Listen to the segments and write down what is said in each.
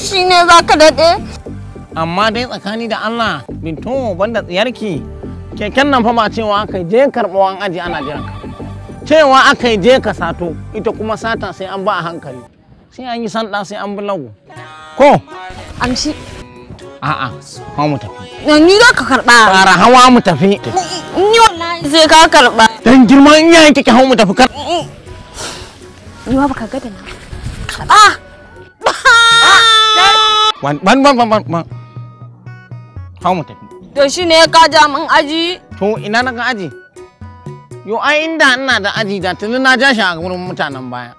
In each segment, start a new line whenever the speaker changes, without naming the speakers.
Shi ne za ka daɗe? Amma dai tsakani da Allah, Binto banda tsiyarki, keken nan fa ba cewa aka je karɓo an aji ana jiran ka. Cewa aka je ka sato, ita kuma sata sai an ba a hankali. Sai an yi sanda sai an bi lagu. Ko? shi A'a, hawa mu tafi. Ni za ka karɓa. fara hawa mu tafi. Ni wallahi sai ka karɓa. Dan girman iyayen kike hawa mu tafi kar. Ni ba ka ga da na.
Ah! ah!
Wan wan wan wan wan. Hau mu tafi. To shi ne ka ja min aji? To ina na aji? Yo ai inda ina da aji da tuni na ja shi a gurin mutanen baya.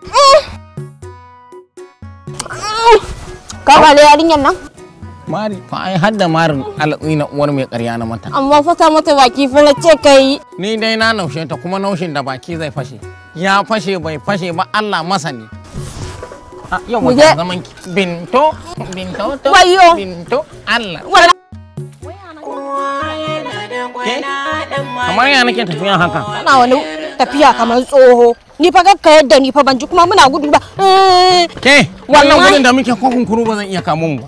Ka kwale yarinyar nan? Mari fa ai har da marin alatsi na uwar mai ƙarya na mata. Amma fasa mata baki fa na ce Ni dai na naushe ta kuma naushin da baki zai fashe. Ya fashe bai fashe ba Allah masani. mu je binto binto to wayo binto Allah kamar ya nake tafiya haka
ana wani tafiya kamar tsoho
ni fa ka yadda ni fa ban ji kuma muna gudu ba ke wannan gudun da muke kokun kuru ba zan iya kamo mu ba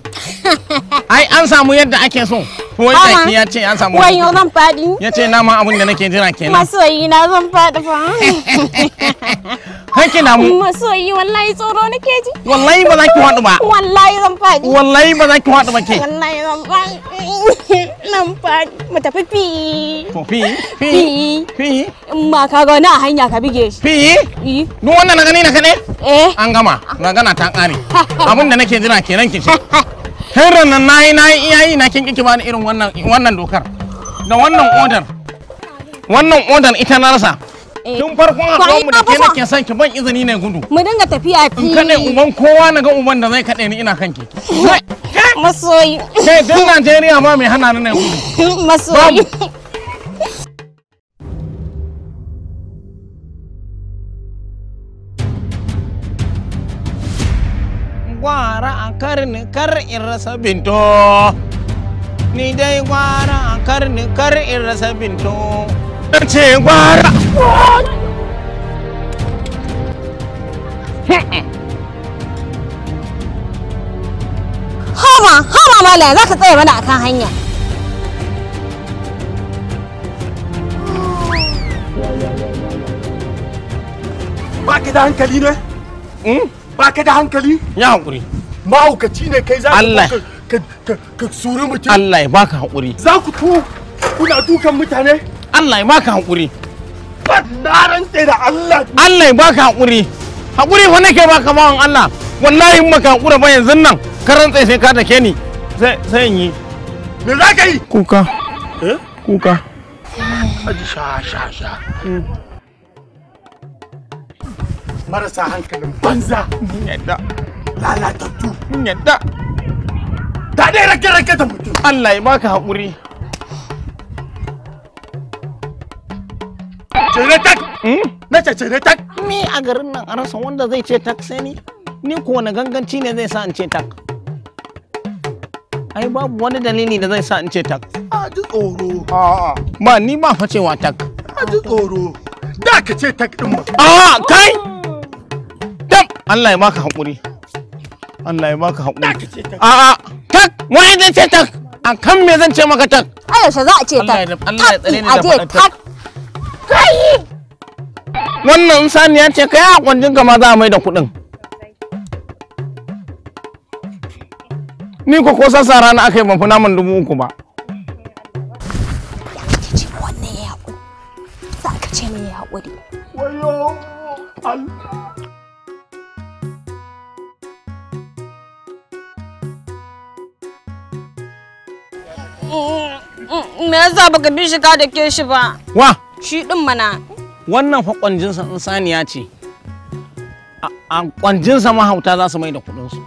ai an samu yadda ake so wai da ya ce an samu wai yau zan faɗi ya ce na ma abin da nake jira kenan
masoyi na zan faɗi fa
kai kina mu
masoyi wallahi tsoro nake ji wallahi ba za ki faɗi ba wallahi zan faɗi wallahi ba za ki faɗi ba ke wallahi zan faɗi nan faɗi mu
tafi fi
fi fi
fi in ba ka ga na hanya ka bige shi
fi duk wannan na gani na kaɗai eh an gama na gana ta ƙare abin da nake jira kenan ki ce tun nan na yi na yi iyayi na kin kike bani irin wannan wannan dokar da wannan odar wannan odar ita na rasa tun farkon haɗuwar mu da ke nake son ki ban izini ne gudu mu dinga tafiya fili in kaɗe uban kowa na ga uban da zai kaɗe ni ina kan ki masoyi kai duk Najeriya ba mai hana ni ne gudu masoyi kar ni kar in rasa binto ni dai gwara kar ni kar in rasa binto ce gwara
Hama, hama mala za ka tsaya mana akan hanya.
Ba ka da hankali ne? Hmm? Ba ka da hankali? Ya hankuri.
mahaukaci ne kai za ka suri mutum Allah ya baka haƙuri za ku tu kuna dukan mutane Allah ya baka haƙuri na rantse da Allah Allah ya baka haƙuri haƙuri fa nake baka bawan Allah wallahi in maka haƙura ba yanzu nan ka rantse sai ka take ni sai yi me za ka yi kuka
eh kuka
aji sha sha sha hmm. marasa hankalin banza yadda lalatattu mun
yadda da dai rake rake da mutum Allah ya maka haƙuri cire tak hmm? na ce cire tak ni a garin nan a rasa wanda zai ce tak sai ni ni ko wani ganganci ne zai sa in ce tak ai babu wani dalili da zai sa in ce tak a ji tsoro a'a ba ni ba facewa tak a ji tsoro da ka ce tak din ba a kai dam Allah ya maka haƙuri Allah ya baka haƙuri. A'a, tak, wani zan ce tak, a kan me zan ce maka tak. Allah za a ce tak, tak da aje tak. Kai! Wannan ya ce kai a kwanjin ma za a mai da kuɗin. Ni ko ko sassa rana aka yi mafi naman dubu uku ba.
Wannan ya haƙuri, za ka ce mai ya haƙuri. Wayo, Allah. Mm, me
yasa baka bi shi ka da ke shi ba?
Wa? Shi ɗin mana. Wannan fa kwanjinsa in saniya ce. A kwanjinsa mahauta za su mai da kuɗinsu.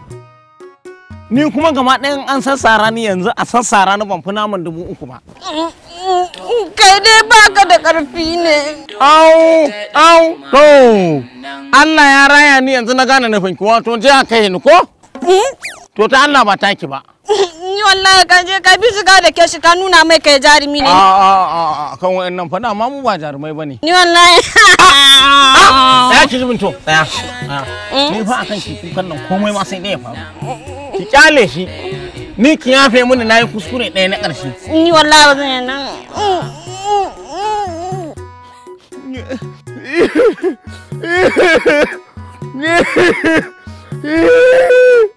Ni kuma gama ɗayan an sassara ni yanzu a sassara ni ban fi dubu uku ba. Kai dai baka da karfi ne. Au, au, to. Allah ya raya ni yanzu na gane nufin ki wato je a kai ni ko? Mm? To ta Allah ba ta ki ba.
Ni wallahi kan je ka bi shiga da ke shi ka nuna mai kai jarumi ne. A
a a kan nan fa ma mu ba jarumai bane. Ni wallahi. Ya ki zubin to. Ya. Ni fa akan ki kukan nan komai ma sai ɗaya faru. Ki kyale shi. Ni ki yafe mini nayi kuskure ɗaya na ƙarshe. Ni wallahi ba zan
nan.
Yeah.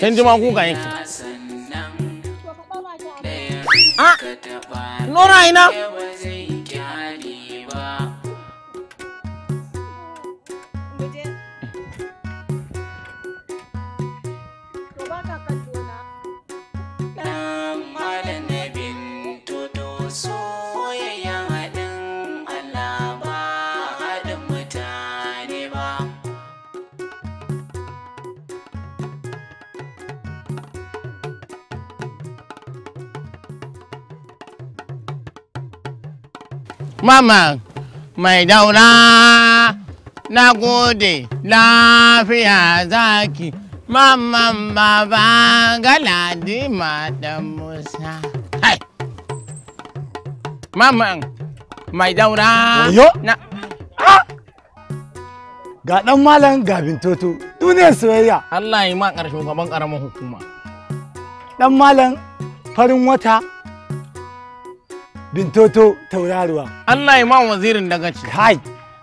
can jima ku ga yanki a ah, nora
ina mama mai daura na gode lafiya zaki maman baba galadi da musa hai maman mai daura na
ga dan malam gabin toto duniyar soyayya
Allah ya ma karshen gaban karamar hukuma
dan malam farin wata bintoto tauraruwa.
Allah ya ma wazirin daga ci. Kai,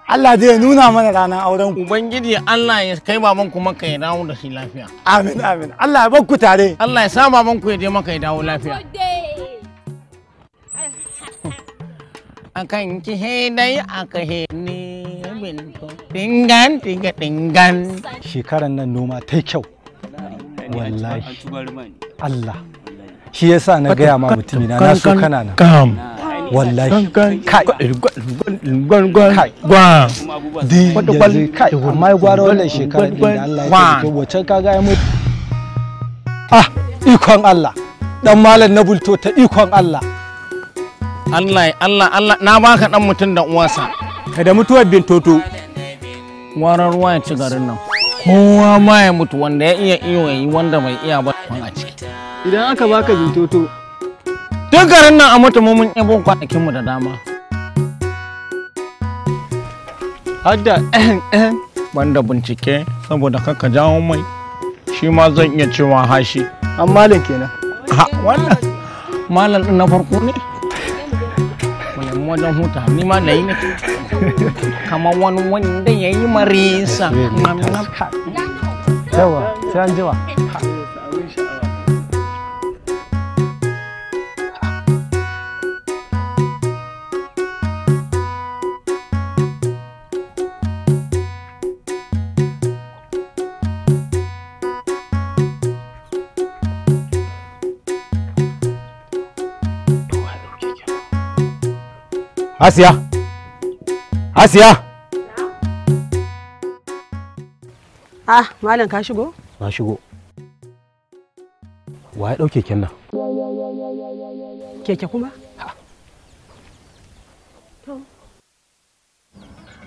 Allah zai nuna mana ranar auren ku. Ubangiji Allah ya kai baban ku maka ya dawo da shi lafiya. Amin amin. Allah ya bar ku tare. Allah ya sa baban ku ya je maka ya dawo lafiya. Akan ki dai aka ni binto.
Dingan dinga dingan. Shekaran nan noma ta kyau. Wallahi. Allah. Shi yasa na gaya ma mutumina na so kana nan. wallahi kai gwan kai amma ya gwara wannan shekara din da Allah ya kai wacce kaga ya mutu
ah ikon Allah dan malam na bulto ta ikon Allah Allah Allah Allah na baka dan mutum da uwansa ka da mutuwar bin toto. warar ruwa ya ci garin nan kowa ma ya mutu wanda ya iya iyo yayi wanda bai iya ba a ciki idan aka baka toto. duk garin nan a mutu mun yabo kwanakinmu da dama hadda ehem ehem banda bincike saboda kaka jawo mai shi ma zan iya cewa hashi an malam kenan ha wannan malam ɗin na farko ne malam wajen huta ni ma na yi ne kamar wani wanda ya yi marisa
yawa sai an jiwa
Asiya! Asia.
Ah, malam ka shigo? Na shigo. Wa ya ɗauke keken nan? Keke kuma?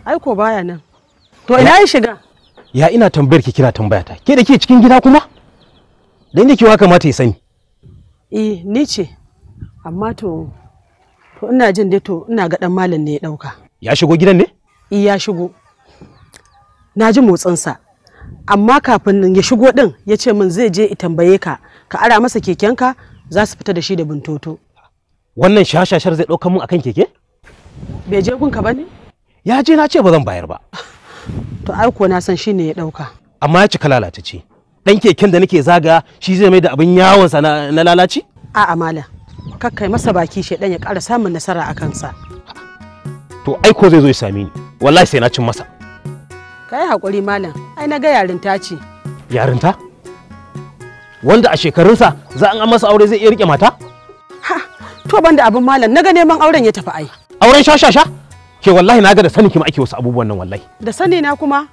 Ai ko baya nan. To ina ya shiga?
Ya ina tambayar ki kina tambaya ta.
Ke da ke cikin gida kuma?
Dan da kiwa kamata ya sani.
Eh, ni ce. Amma to to ina jin dai to ina ga dan malam ne ya dauka
ya shigo gidan ne
ya shigo na ji motsin sa amma kafin ya shigo din ya ce min zai je i tambaye ka ka ara masa kekenka za su fita da shi da buntoto wannan shashashar zai ɗaukar mun akan keke bai je gunka ba ne ya je na ce ba zan bayar ba to ai ko na san shine ya ɗauka
amma ya cika lalata ce dan
keken da nake zaga shi zai mai da abin yawon sa na lalaci a'a malam kakkai masa baki shi dan ya ƙara samun nasara a kansa
to ai ko zai zo ya same ni wallahi sai na cin masa
ka yi haƙuri malam ai na ga yarinta ce
yarinta wanda a shekarunsa za an masa aure zai iya rike mata
ha to banda abin malam na ga neman auren ya tafi ai
auren sha-sha-sha? ke wallahi na ga da sanin kima ake wasu abubuwan nan wallahi
da sani na kuma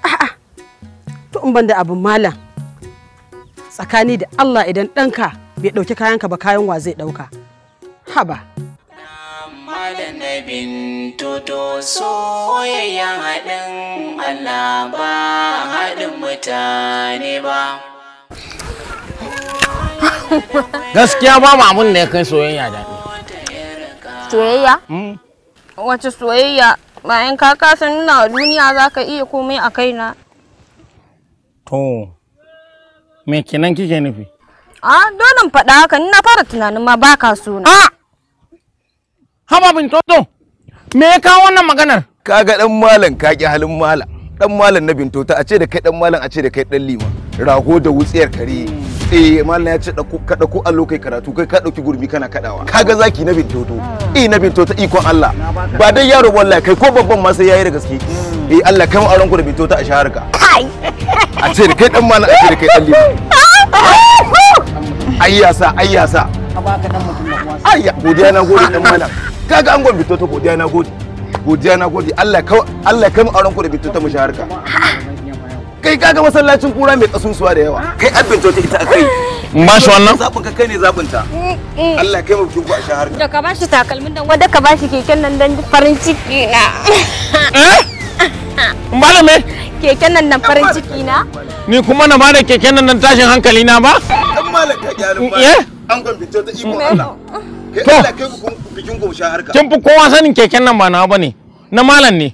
a'a to in banda abin malam tsakani da Allah idan ɗanka bai ɗauki kayanka ba kayan wa zai ɗauka. Haba.
Malanabin toto soyayyen haɗin Allah ba haɗin mutane ba.
Gaskiya ba abun da ya kai soyayya daɗi. Soyayya? Hmm. Wace soyayya
bayan ka kasa nuna wa duniya za ka iya komai a kaina.
To. me kenan kike nufi
a dole faɗa haka na fara tunanin ma
ba ka so na haba bin toto me ya kawo wannan maganar kaga dan malam ka ki halin malam dan malam na bin toto a ce da kai dan malam a ce da kai dan lima rago da wutsiyar kare eh malam ya ce kada ku allo kai karatu kai ka dauki gurbi kana kadawa kaga zaki na bintoto eh na bintoto ikon Allah ba dai yaro wallahi kai ko babban ma sai yayi da gaske bi eh, Allah kan auren ku da bito ta a shahar ka a ce kai dan mana a ce kai dan ayya sa ayya sa
ka baka
dan
mutum da kuma
ayya godiya na gode dan mana kaga an gwan bito ta godiya na gode godiya na gode Allah kai Allah kan auren ku da bito ta mu shahar ka kai kaga masallacin kura mai kasusuwa da yawa kai abin ta ita kai ba shi wannan zabin ka kai ne zabin ta
mm, mm.
Allah kai mu ku a shahar
da ka bashi takalmin dan wanda ka bashi keken nan dan farin ciki na eh?
Malame? Keken nan nan farin ciki na? Ni kuma na bada keken nan nan tashin hankali na ba?
Dan malam ka gyaru ba. Eh? An kan fito ta iko Allah. Kai Allah kai ku bikin Kin fi kowa sanin
keken nan ba na bane. Na malam ne.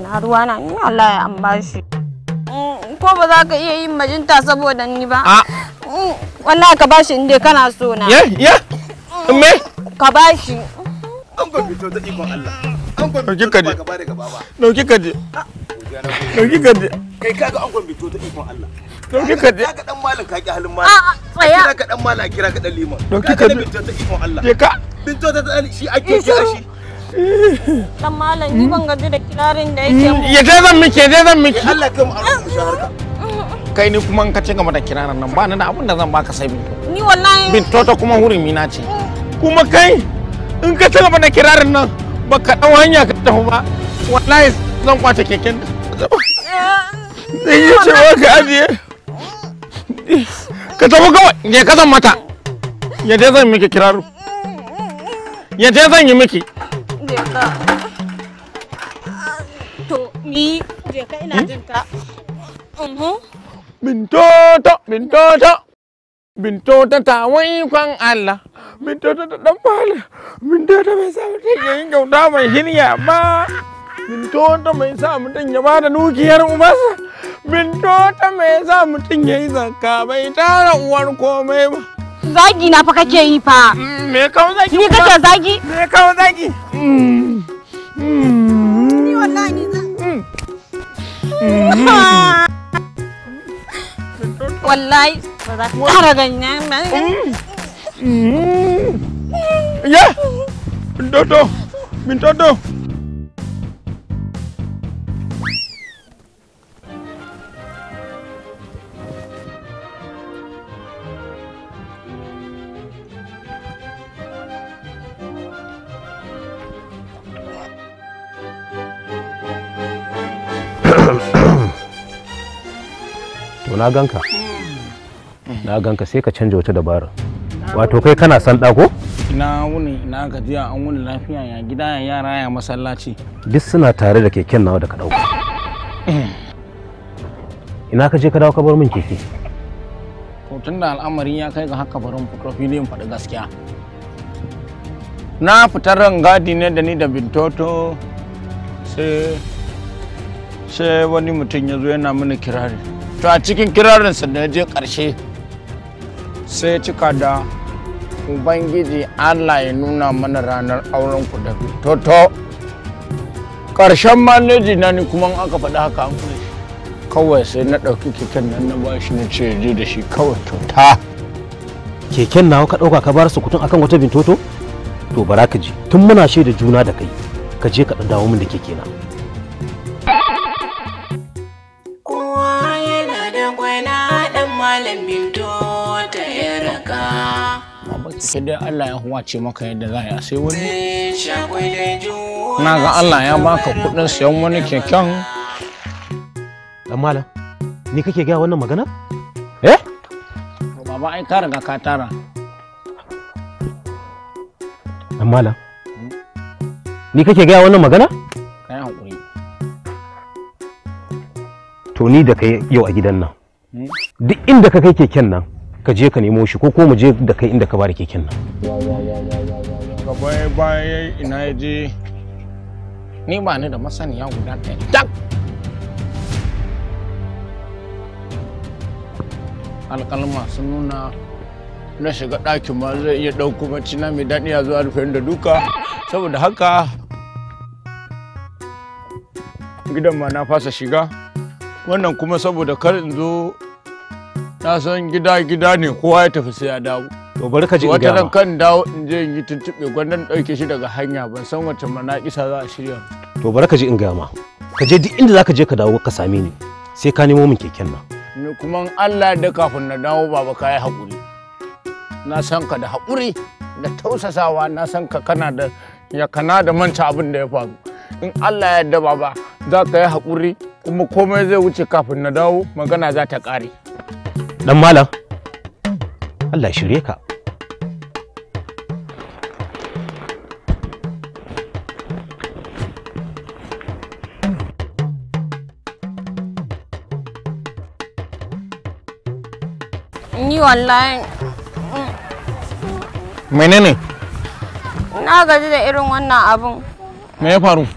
Na ruwa na ni Allah ya ambashi. Mm, ko ba za ka iya yin majinta saboda ni ba? A. Ah. Mm, wannan ka bashi inda kana so na. Ye
ye. Mm. Me? Ka bashi. An kan fito ta iko Allah. Dauki
kaje. Ah. Dauki kaje. Kai kaga angon bai ta ikon Allah. Dauki kaje. Kaga dan malam ka ki halin malam. A'a tsaya. Kira ka dan malam kira ka dan liman. Dauki kaje. Bai ta ikon Allah. Je ka. Bin ta shi ake ki shi.
Dan malam ni ban gaji da kirarin da yake mm. mu. Ya zan miki, ya zan miki. Allah kai mu
a kai ni
kuma in ka ce game da kiranan nan ba ni da abin da zan baka sai ni
wallahi bin
kuma hurumi na ce kuma kai in ka ci gaba da kirarin ba ka ɗau hanya ka tafi ba wallahi zan kwace keken
zai yi cewa ka
ajiye ka tafi kawai je ka zan mata ya je zan miki kiraro ya je zan yi miki
to ni je hmm? ka ina jinta
mintoto mintoto Binto ta tawai kwan Allah, Binto ta dan mala, min ta mai sa mutum ya yi kyauta mai hirya ba, min ta mai sa mutum ya ba da dukiyar umarsa, min ta mai sa mutum ya yi zakka bai tara uwar komai ba. Zagi na fa kake yi fa. Mm, me kawo zagi? Ni kake zagi? Me kawo zagi? Mm,
mm.
Ni wallahi ni zagi. Ah. nha, ba za ku ƙara ganyen mình
Dodo! đâu, dodo!
na ganka na ganka sai ka canja wata dabara wato kai kana san dako
ina wuni ina gajiya an wuni lafiya ya gida ya yara ya masallaci
duk suna tare da keken nawa da ka dauko ina ka je ka dawo ka bar min keke
to tun da al'amari ya kai ga haka barin fito filin faɗi gaskiya na fitar ran gadi ne da ni da bintoto sai sai wani mutum ya zo yana mini kirari to a cikin kirarinsa da ya je ƙarshe sai cika da ubangiji allah ya nuna mana ranar aurenku da toto ƙarshen maneji na ni kuma aka faɗi haka an kula kawai sai na ɗauki keken nan na ba shi na ce je da shi kawai tota
keken nawa ka ɗauka ka bar su kutun akan wata toto to bara ka ji tun muna shaida juna da kai ka je ka ɗan dawo min da keke na
kowa yana da gwana ɗan malam sai dai Allah ya
huwace maka yadda za a sai
wani
na ga Allah ya baka kudin sayan wani keken dan malam ni kake gaya wannan magana eh to baba ai ka riga ka tara
dan malam ni kake gaya wannan magana kai hankuri to ni da kai yau a gidan nan hmm? duk inda ka kai keken nan ka je ka nemo shi ko ko mu je da kai inda ka bada keken
nan
gaba ya baya ina ya je ni ba ni da masaniya guda ɗaya tak alƙalma sun nuna na shiga ɗakin ma zai iya ɗauko bacci na mai daɗi ya zuwa rufe da duka saboda haka gidan ma na fasa shiga wannan kuma saboda kar in zo na san gida gida ne kowa ya tafi sai ya dawo
to bari ka ji wata nan
kan dawo in je in yi tuntuɓe gwandan ɗauke shi daga hanya ban san wace manaƙisa za a shirya
to bari ka ji in gaya ma ka je duk inda zaka je ka dawo ka same ni sai ka nemo min keken nan
ni kuma Allah da kafin na dawo baba ka yi haƙuri na san ka da haƙuri da tausasawa na san ka kana da ya kana da manta abin da ya faru in Allah ya yarda baba za ka yi haƙuri kuma komai zai wuce kafin na dawo magana za ta ƙare
dan malam Allah shirye ka
ni wallahi menene na gaji da irin wannan abun me ya faru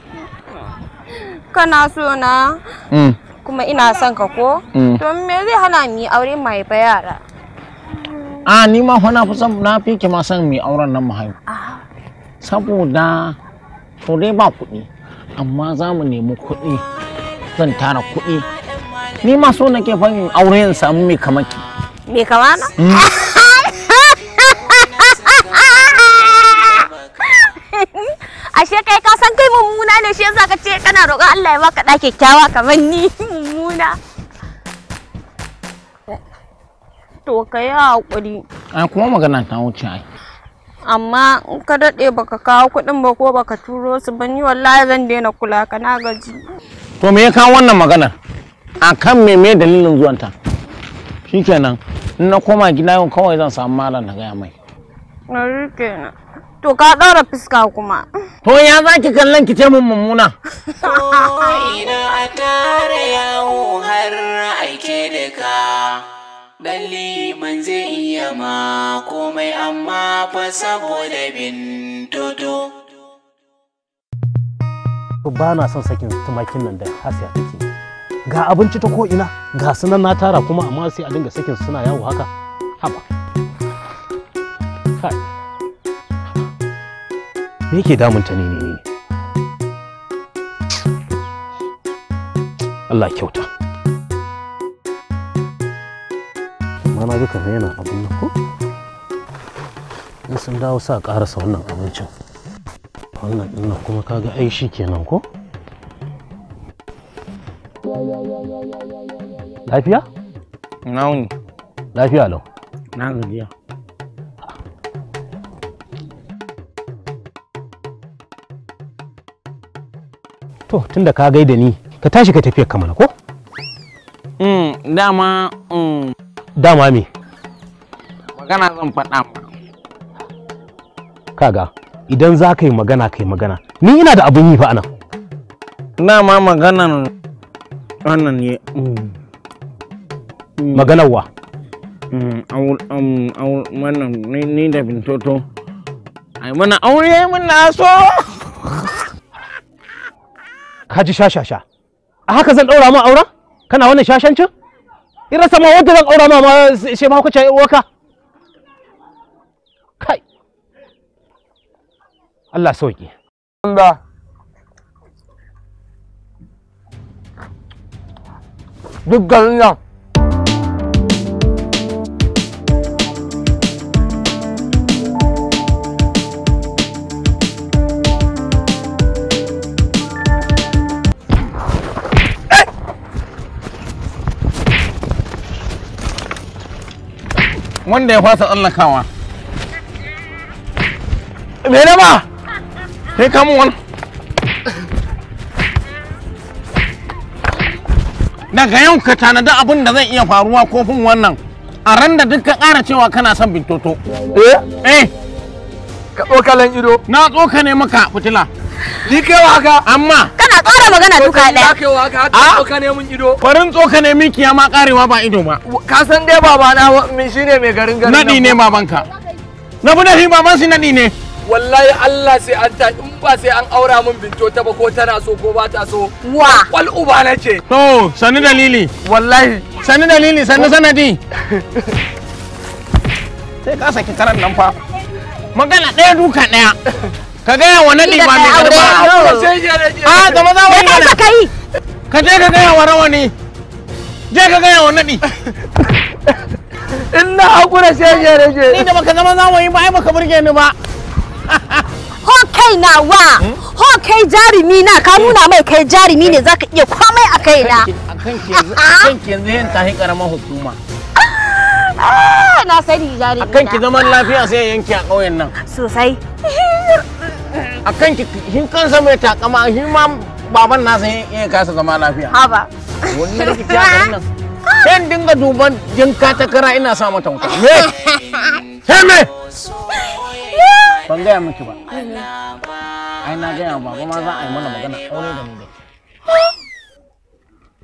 kana so na mm. kuma ina son ka ko mm. to me zai hana mu aure mai ba yara
a ni ma fa na fi na fi ki ma son mu auren nan mu haihu saboda to dai ba kuɗi amma za mu nemi kuɗi zan tara kuɗi ni ma so nake fa in aure in samu mai kamaki
me kamana mm. san kai mummuna ne shi yasa ka ce kana roƙon Allah ya baka ɗa kyakkyawa kamar ni mummuna to ka yi haƙuri
an kuma magana ta wuce ai
amma in ka daɗe baka kawo kuɗin ba ko baka turo su ban yi wallahi zan daina kula ka na
gaji to me ya kawo wannan maganar a kan me me dalilin zuwanta shikenan in na koma gida yau kawai zan samu malam na gaya mai
na kenan To ka ɗora fuska kuma.
To ya za ki kallon ki ce mun mummuna.
Ina a tare yawo har aike da ka. Dalli man zai iya ma komai amma fa saboda bin toto.
Ba na son sakin tumakin nan da hasiya take. Ga abinci ta ko'ina, ga sunan na tara kuma amma sai a dinga sakin suna yawo haka. Haba. Kai. me yake ta ne ne Allah kyauta ga duka yana abin nan ko in sun dawo sa karasa wannan abincin wannan ɗin kuma kaga ai shi kenan ko
lafiya na wuni lafiya lau na gajiya to tunda
ka gaida ni ka tashi ka tafiya kamar ko
mm dama mm dama me magana zan faɗa ma
kaga idan za ka yi magana ka yi magana ni ina da abun yi fa ana na
ma maganan wannan ne mm. maganar wa mm, um, wannan ni da bintoto ai mana aure mun na so ka
ji shashasha a haka zan ɗaura ma aura kana wannan shashancin in rasa ma wanda zan
aura ma ma she ma kuce waka kai Allah sauki Allah duk garin nan wanda ya fasa tsallakawa mene ba sai kamun wani daga yau ka tanada abin da zai iya faruwa kofin wannan a ran da duk ka ƙara cewa kana son bintoto eh eh ka tsokalan ido na tsoka ne maka fitila ni kai haka amma kana ƙara magana duka ɗaya.
A ah? tsoka ne mun
ido. Barin tsoka ne min kiyama ƙarewa ba ido ba. Ka san dai baba na min shine mai garin garin. Naɗi ne babanka. Na bude shi baban shi naɗi ne.
Wallahi Allah sai an ta in ba sai an aura min binto ta ba ko tana so ko ba ta so. Wa. Kwal uba na ce.
To sani dalili. Wallahi. Sani dalili sani sanadi. Sai ka saki karan nan fa. Magana ɗaya duka ɗaya. ka gaya wa naɗi ba mai karba a ga maza wani mana ka je ka gaya wa rawa rawani je ka gaya wa naɗi in na hakura sai ya rage ni da baka zama zawayi ba ai baka burge ni ba
ho kai na wa hmm? ho kai jarumi na ka nuna mai kai jarumi
ne zaka iya komai a kai na kan ki yanzu yin tahi karamar hukuma ah, na sani jarumi na kan ki zaman lafiya sai yanki a ƙauyen nan sosai a kan ki hin kansa mai takama hin ma baban nasa ya kasa zama lafiya Ha haba
wani rikici nan
sai dinga duban ka ta kara ina sa mata wuta me he me ban gaya miki ba ai na gaya ba ma za a yi mana magana aure da ni da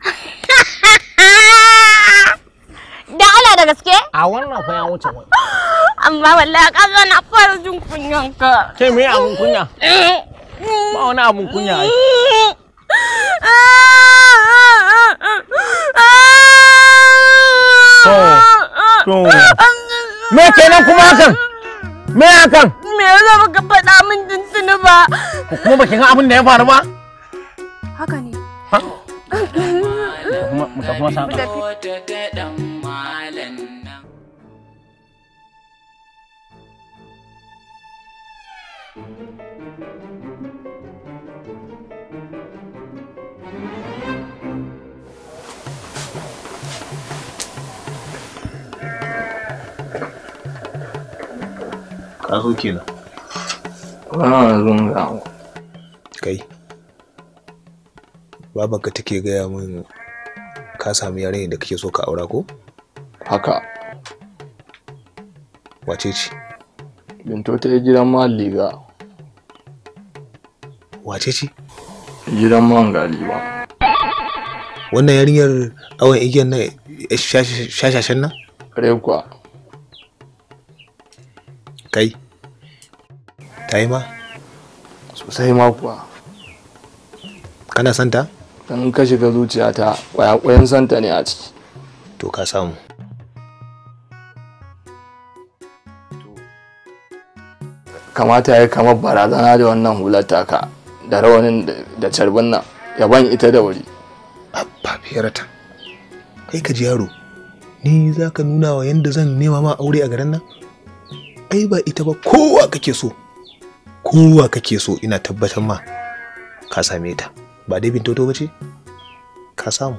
da ala da gaske a wannan fa ya wuce wani
amma wallahi ka zo na fara jin kunyan
ka ke me ya mun kunya ba wani abun kunya ai to me kenan kuma hakan me hakan
me ya zo baka faɗa min din tuni ba
kuma baki ga abin da ya faru ba haka ne ha?
mu tafi masa malam nan.
Ka zo kenan. Ba zan gawo. Kai. Babanka take gaya min ka sami yaren da kake so ka aura ko? haka wace ce binto ta yi gidan man liga wace ce gidan man galiba wannan yarinyar awon igiyar na shashashen nan rekwa kai ta yi ma sosai ma kuwa kana santa? don ka shiga ta kwayakwayen santa ne a ciki to ka samu kamata ya kama barazana da wannan hular taka da rawanin da carbin nan ya ban ita da wuri abba fiyarta kai ka ji yaro ni za ka nuna wa yadda zan nema ma aure a garin nan ai ba ita ba kowa kake so kowa kake so ina tabbatar ma ka same ta ba dai bintoto ba ce ka samu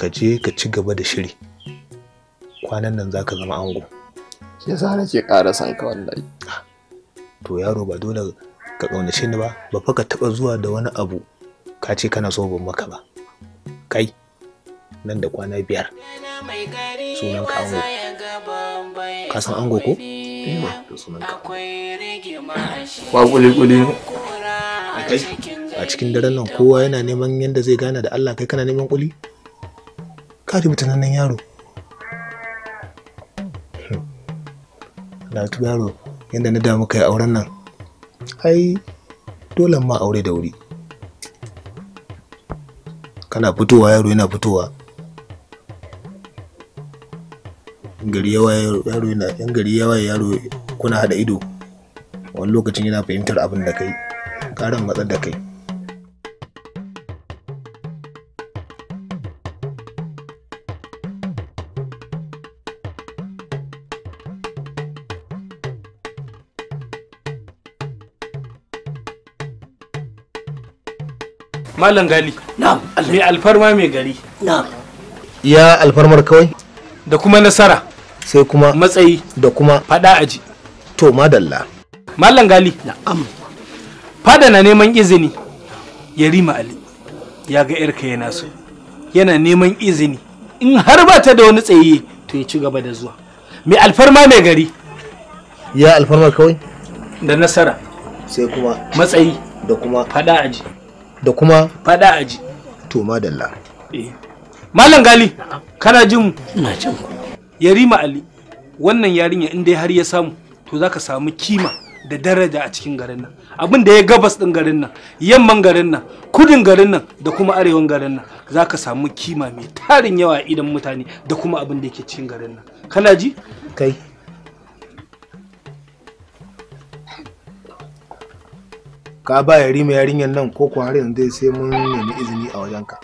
ka je ka ci gaba da shiri kwanan nan za ka zama ango ya sa nake ƙara son ka wallahi to yaro ba dole ka ƙaunace ni ba ba fa ka taɓa zuwa da wani abu ka ce kana so ban maka ba kai nan da kwana biyar sunan ka ango ka san ango ko kwa kuli-kuli a cikin daren nan kowa yana neman yadda zai gana da Allah kai kana neman kuli ka rubuta nan yaro hm. na yaro yadda na damu kai auren nan ai dole ma aure da wuri kana fitowa yaro yana fitowa gari yawa yaro yana yan gari yawa yaro kuna hada ido wani lokacin yana fahimtar abin da kai karan matsar da kai malam gali na'am mai alfarma mai gari na'am ya alfarmar kawai da kuma nasara sai kuma matsayi da kuma fada aji to madalla malam gali na'am fada na neman izini ya rima ali ya ga yarka yana so yana neman izini in har ba ta da wani tsaye to ya ci gaba da zuwa mai alfarma mai gari ya alfarmar kawai da nasara sai kuma matsayi da kuma fada aji da kuma fada aji to madalla eh. malam gali kana jin ina jin yarima ali wannan yarinya in dai har ya samu to zaka samu kima da daraja a cikin garin nan abin da ya gabas din garin nan yamman garin nan kudin garin nan da kuma arewan garin nan zaka samu kima mai tarin yawa idan mutane da kuma abin da yake cikin garin nan kana ji kai ka ba ya rima yarinyar nan ko kuwa har yanzu sai mun nemi izini a wajenka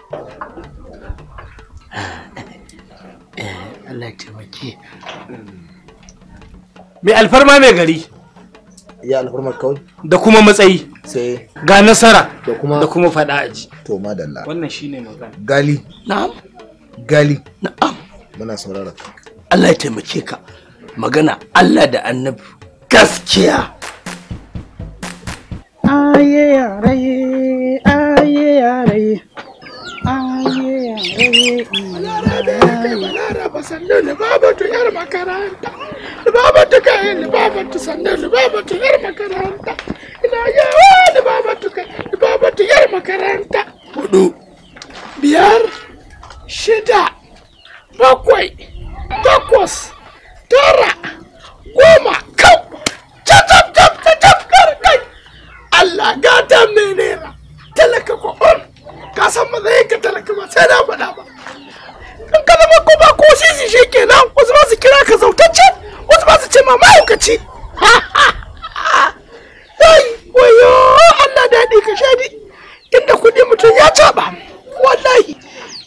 Allah ya taimake mai alfarma mai gari ya alfarma kawai da kuma matsayi sai ga nasara da kuma da kuma fada aji to madalla wannan shine magana gali na'am gali na'am muna saurara
Allah ya taimake ka magana Allah da annabi gaskiya aye yare aye yare aye yare sannu libabatu yar makaranta libabatu
makaranta
ina yawa makaranta hudu biyar shida bakwai takwas tara goma ka san ba zai ka talaka ba sai na faɗa ba in ka zama ko ba ko sisi shi kenan wasu ba su kira ka zautaccen wasu ba su ce ma mahaukaci
ai wayo Allah daɗi ka shaɗi inda kuɗi mutum ya caɓa wallahi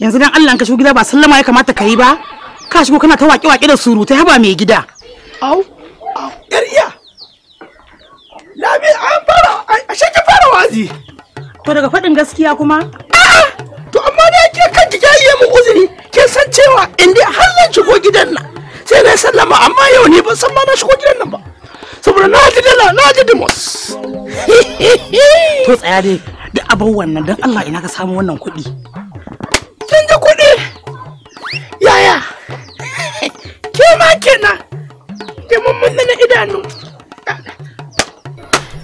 yanzu dan Allah ka shigo gida ba sallama ya kamata ka yi ba ka shigo kana ta waƙe-waƙe da surutai haba mai gida au au yar iya an fara a shaƙi fara wazi to daga faɗin gaskiya kuma to amma da ke kan ki yi mu uzuri ke san cewa in dai har zan shigo
gidan nan sai na sallama amma yau ni ban san ma na shigo gidan nan ba saboda na ji dala na ji dimos
to tsaya dai da abin wannan dan Allah ina ka samu wannan kuɗi kin ji kuɗi yaya
ke ma kenan ke mun na idanu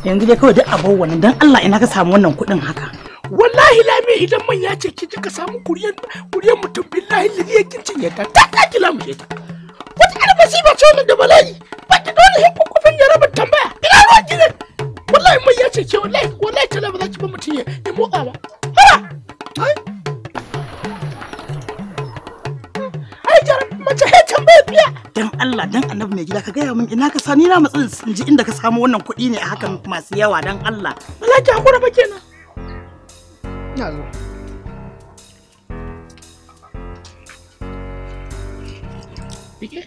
yanzu dai kawai duk abin wannan don Allah ina ka samu wannan kuɗin haka
idan man ya ce kiji ka samu kuriyan kuriyan mutum billahi da zai kin ta ta ta kila mu ta wata albasi ba ce da bala'i ba ki dole hin kufin ya raba tambaya ina ruwan ki wallahi man ya ce ke wallahi wallahi tala ba za ki ba mutum ya motsa ba hara
ai jar mace he tambaya biya dan Allah dan annabi mai gida ka gaya min ina ka sani na matsalar in ji inda ka samu wannan kuɗi ne a hakan masu yawa dan Allah wallahi k'a hakura ba kenan
Also.
Bikin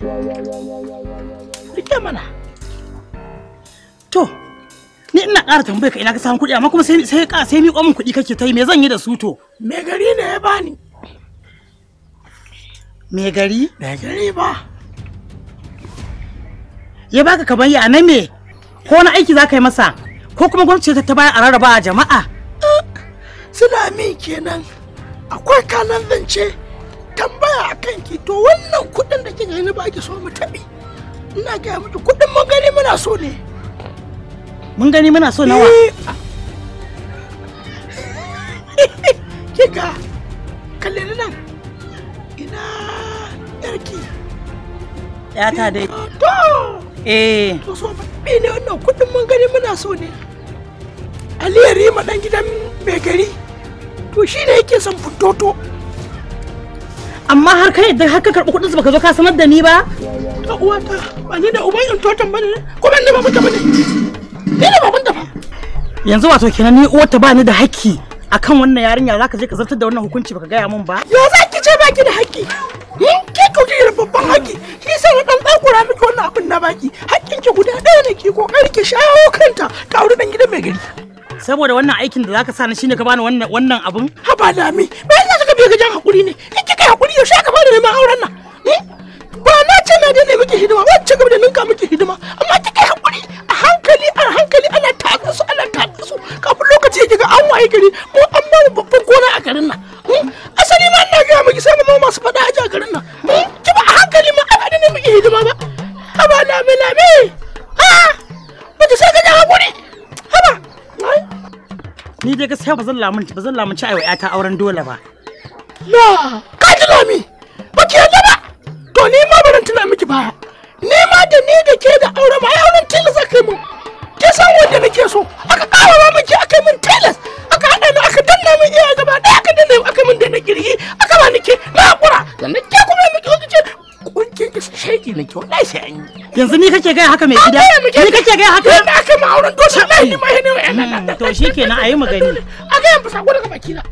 mana
to ni ina ƙara tambayar ka ina ka samu kuɗi amma kuma sai sai ka sai miƙo min kuɗi kake ta yi me zan yi da su to me gari ne ya bani me gari
me gari ba
ya baka kamar ya na me ko na aiki za ka yi masa ko kuma gwamnati ta bayar a rarraba a jama'a
min kenan akwai kalan zance tambaya a kanki to wannan kudin da kin ni ba ki so mu taɓi ina gaya miki kudin mun gani muna so ne
mun gani muna so nawa eh.
kika kalle nan ina yarki
yata dai to eh
to so ne wannan kudin mun gani muna so ne aliyar rima ɗan gidan mai gari to
shi ne yake son fitoto amma har kai da har ka karɓi kuɗinsu baka zo ka sanar da ni ba
ta uwa ta ba ni da uban intoton bane
kuma ni ba mutum bane ni ne babun da ba yanzu wato kenan ni uwar ta ba ni da haƙƙi akan wannan yarinya zaka je ka zartar da wannan hukunci baka gaya mun ba ya za ki ce baki da haƙƙi in hm? ki kuke da babban
haƙƙi shi sai na dan tsakura miki wannan abin na baki haƙƙin ki guda ɗaya ne ki kokari ki shawo
kanta ka aure dan gidan mai gari saboda wannan aikin da zaka sa ni shine ka bani wannan wannan abun haba lami me ina suka bi jan hakuri ne in kika hakuri yaushe aka fara neman auren nan hmm?
ba na ce na dai miki hidima ba ce gaba da ninka muke hidima amma kika hakuri a hankali a hankali ana tatsa su ana tatsa su kafin lokaci kika an waye gari mu an ba mu babban gona a garin nan hmm? asali ma ina ga miki sai mu masu fada a garin nan hmm? ki ba a hankali ma abada ne miki hidima ba haba lami lami ha ah! ba ta sai ka hakuri
Ni dai gaskiya ba zan lamunci ba zan lamunci a ta auren dole ba. Na, ka ji lami. Ba ki yarda ba. To ni ma ban tuna miki ba. Ni ma da ni da ke da aure ma ai auren tilas a kai mun.
Ki san wanda nake so. Aka kawo ma miki aka yi mun tilas. Aka hada ni aka danna min iya gaba da aka danna min aka min da na girgi aka ba nake na hakura. Sannan ke kuma miki wata ce
kunki ki shege nake wallahi sai an yi. Yanzu ni kake gaya haka mai gida. Ni kake gaya haka. Ni aka ma auren dole ni ma Mm, to shi ke na ayi magani a ga yamma sako daga baki na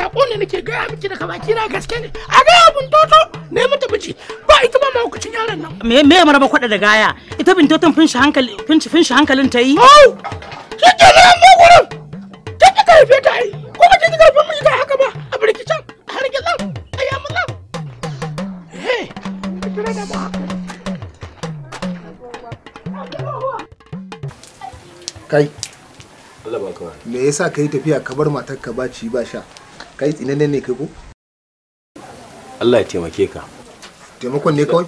sako ne nake gaya miki daga baki na gaske ne a ga abun toto ne mata biji ba ita ba mahaukacin yaron nan
me me maraba kwada da gaya ita bin toton fin shi hankali fin shi fin shi hankalin ta yi au shi na mu gurin ta ki karfe ta yi ko ba ta ki karfe mu ita
haka ba a barki can har ga nan aya mu nan he kira da ba
kai yasa ka yi tafiya ka bar matarka ba ci ba sha kai tsinanen ne kai ko Allah ya taimake ka taimakon ne kawai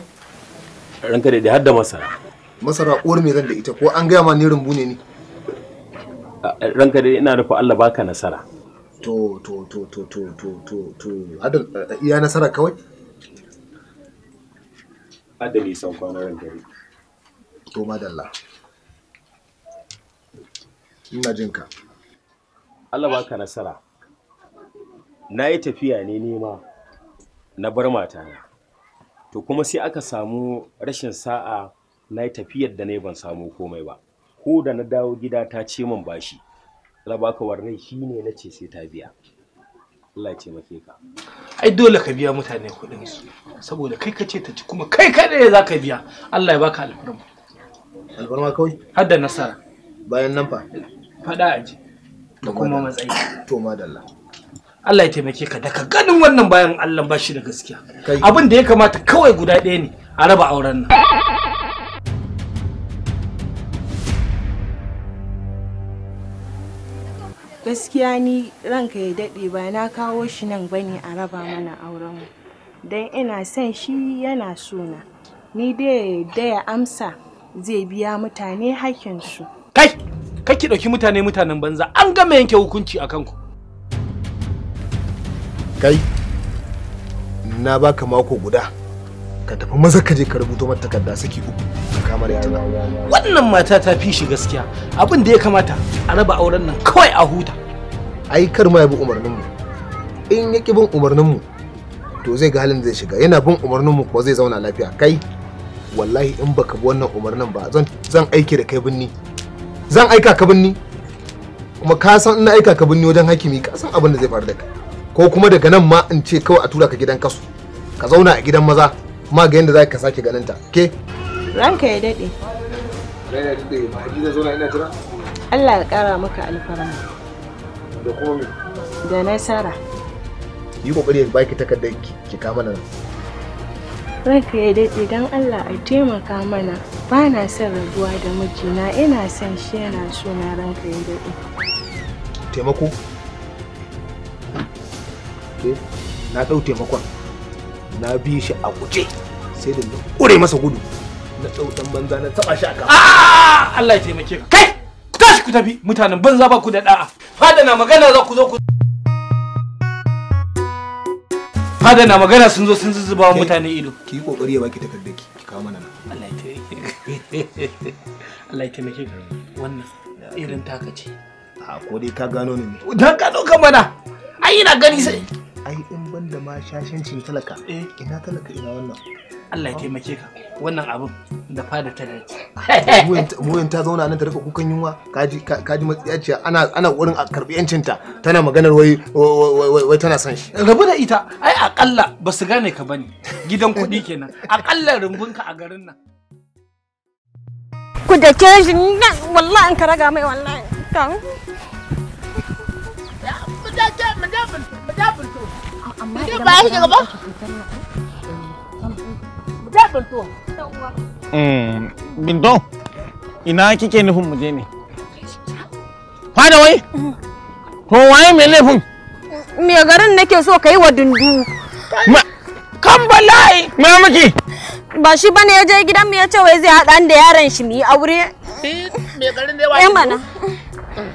ranka da har da masara masara uwar me zan da ita ko an gaya ma ni rumbu ne ni ranka da ina rufa Allah baka nasara to to to to to to to to adal iya nasara kawai adali san ran ranka to madalla ina jinka Allah baka nasara na yi tafiya ne nema na bar matana to kuma sai aka samu rashin sa'a na yi tafiyar da na ban samu komai ba ko da na dawo gida ta ce min bashi Allah baka warrai shine na ce sai ta biya Allah ya taimake ka ai dole ka biya mutane kuɗin su saboda kai ka ce ta ci kuma kai kaɗai za ka biya Allah ya baka alfarma alfarma kawai har da nasara bayan nan fa faɗa aji da kuma matsayi to madalla Allah ya taimake ka daga ganin wannan bayan Allah ba shi da gaskiya abin da ya kamata kawai guda ɗaya ne a raba auren
nan
gaskiya ni ranka ya daɗe ba na kawo shi nan bane a raba mana auren don ina son shi yana suna ni dai da ya amsa zai biya mutane hakkin kai
kake ɗauki mutane mutanen banza an gama yanke hukunci a kanku kai na baka mako guda ka tafi maza ka je ka rubuto mata takarda saki uku ka kamar yaro wannan mata ta fi shi gaskiya abin da ya kamata a raba auren nan kawai a huta ai kar ma ya bi umarninmu in yaki bin umarninmu to zai ga halin zai shiga yana bin umarninmu ko zai zauna lafiya kai wallahi in baka bi wannan umarnin ba zan aiki da kai binni zan aika ka binni kuma ka san ina aika ka binni wajen hakimi ka san abin da zai faru da kai ko kuma daga nan ma in ce kawai a tura ka gidan kasu ka zauna a gidan maza ma ga yadda zaka ka sake ganin ta ke
ranka ya daɗe
Allah ya kara maka alfarma da komai da nasara
yi kokari ya baki takardar ki kama nan
ranka ya daɗe don Allah a taimaka mana ba na son rabuwa da mijina ina son shi yana
so na ranka ya daɗe.
Taimako? Na ɗau taimakon na bi shi a guje sai da na ƙure masa gudu na ɗau ɗan banza na taɓa shi a kafa. Allah ya taimake ka. Kai! Tashi ku tafi mutanen banza ba ku da ɗa'a. Fada na magana za ku zo ku. fada na magana sun zo sun zuzzuba wa mutane ido ki yi kokari ya baki takardar ki ki kawo mana Allah ya taimake Allah ya taimake wannan irin taka ce a ko dai ka gano ni ne dan ka mana ai ina gani sai ai in ban da ma shashancin talaka eh ina talaka ina wannan Allah ya taimake ka wannan abin da fada ta dace muyin ta zauna nan ta rufe kukan yunwa kaji kaji matsiyaciya ana ana wurin a karbi yancin ta tana maganar wai wai tana san shi rabu da ita ai akalla ba su gane ka bane gidan kuɗi kenan akalla
rumbun ka a garin nan
ku da ke shi nan wallahi an ka raga mai
wallahi
Bindo, idan ba shi mm, ina kike nufin mu je ne? Fada wai? To waye mai laifin? Me garin nake so ka yi wa dundu. Kan bala'i! Me miki?
Ba shi bane ya je gidan mu ya ce wai zai haɗa da yaron shi mu yi aure.
Me garin dai wani? Eh mana.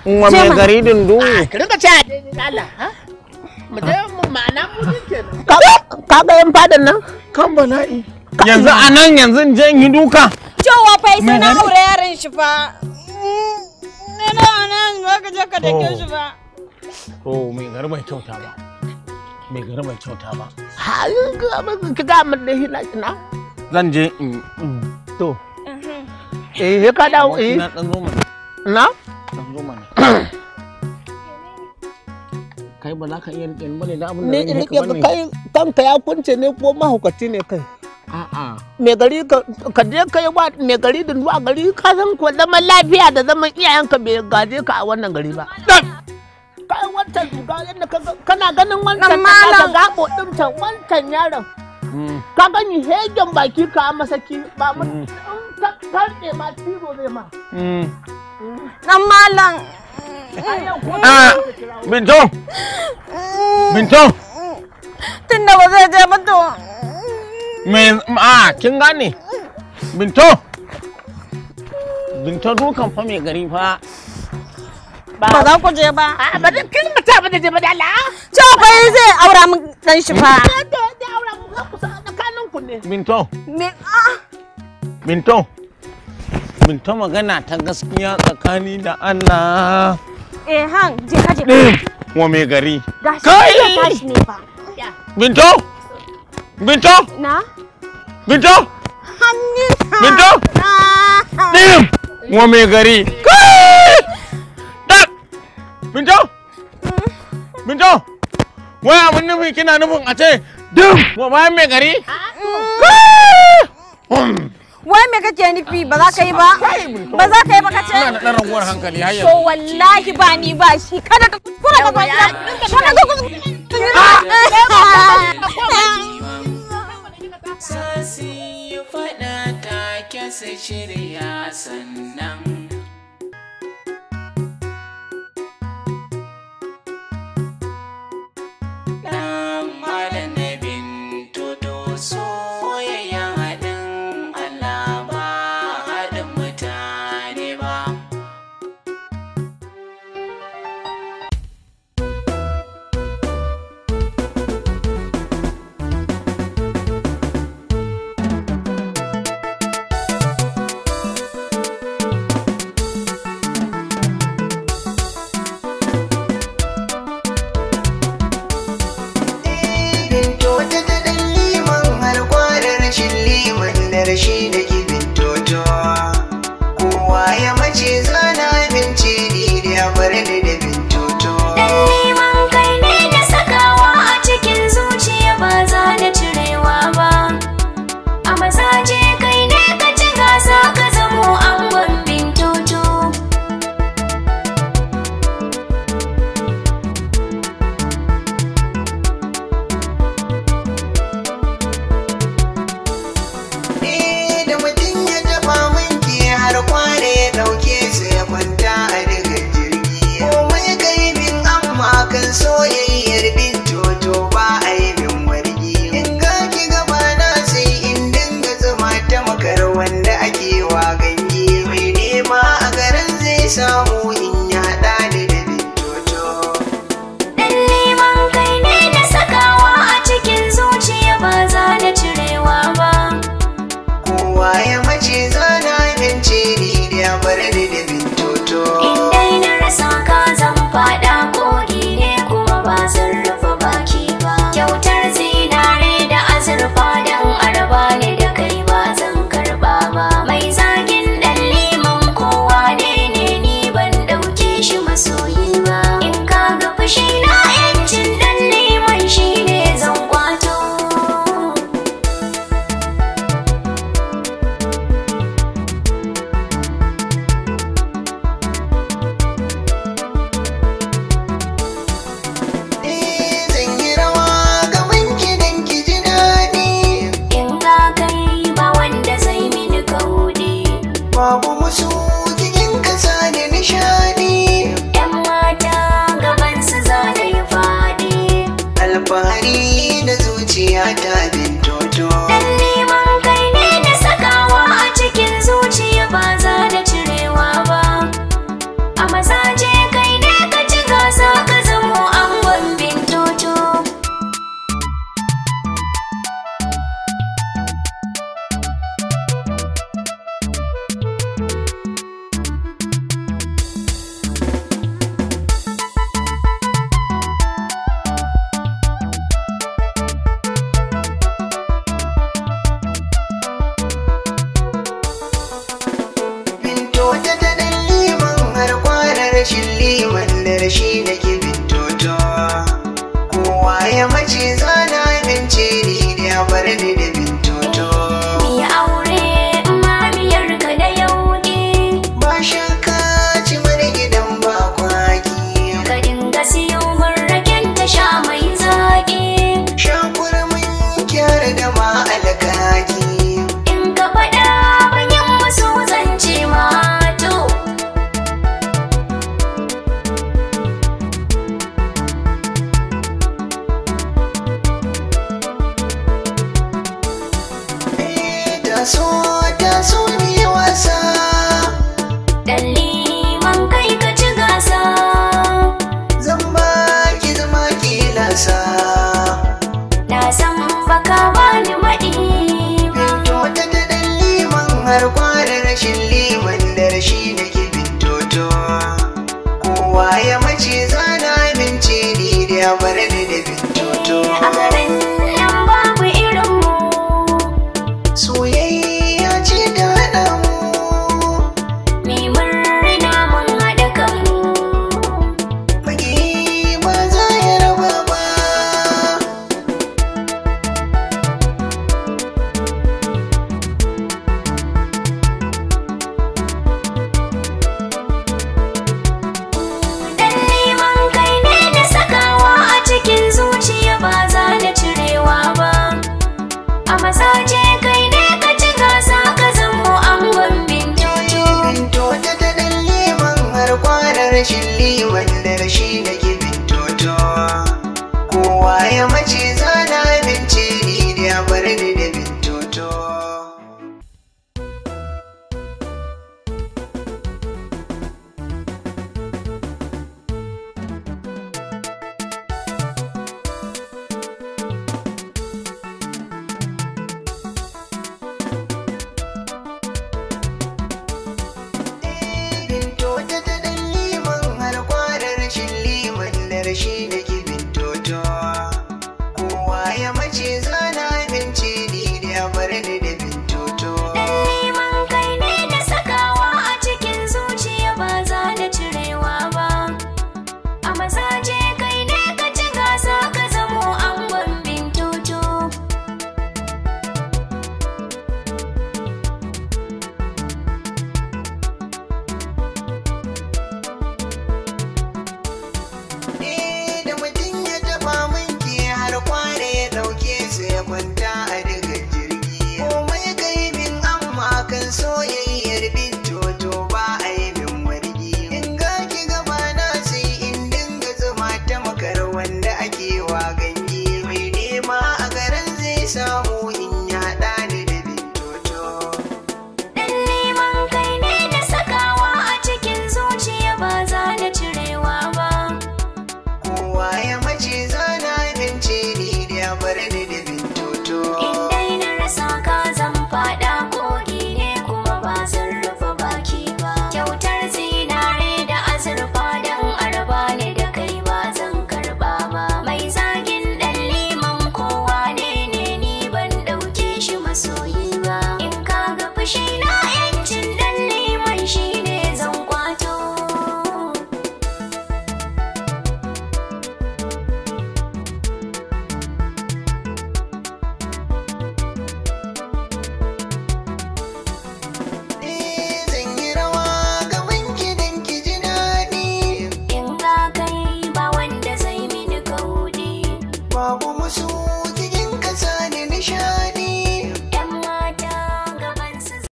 Me mai gari dundu. Ah, ka rinka
ce a Allah. mu je mu ma'ana mu kenan ka ga yan fadan nan kan bala'i
yanzu anan yanzu in yi duka cewa fa sai na aure
yaran shi fa
ne na anan ba ka je ka dake shi fa
to mai garba kyauta ba mai garba kyauta ba
ka ga mun da hina kina
zan je in to mhm. eh ka dawo eh na dan zo
mana
na
dan zo mana
kai ba za ka iya riƙe
ba ne da abin da zan yi ne. kai
kanka ya kunce ne ko mahaukaci ne kai. A'a. Me gari ka je ka yi ba me gari da zuwa gari ka san ko zaman lafiya da zaman iyayenka bai gaje ka a wannan gari ba. Kai wancan duga yadda kana ganin wancan ka gaɓo ɗin can wancan yaron. Hmm. Ka gani hegen baki ka masaki ba mun hmm. karɗe ma cizo zai ma. Dan hmm. malam bintu.
bintu.
Tun da ba zai je mutu.
Me a kin gane? Binto! Binto dukan fa mai gari fa. Ba za ku je ba. A ba da kin mutu ba da je ba da Allah. Ce fa
zai aura mun dan shi fa. Da da aura mun ku sa tsakanin ku ne. Binto.
Me a
Binto. Binto magana ta gaskiya tsakani da Allah.
Eh han je ka je. Eh,
wa me gari. Kai. Binto. Binto. Na. Binto. Hanni. Binto. Dim. Wa me gari.
Kai.
Da. Binto. Hmm? Binto. Wai abin nufi kina nufin a ce dim wa bayan me gari? Ah, Kai. Hmm. Hmm. wai me kake nufi ba za ka yi ba ba za ka yi ba kace ina da dan
hankali har yanzu to
wallahi ba ni ba shi kada ka kura ba ba kada ka kuskura
Sasi ya faɗa ta kyasa shirya sannan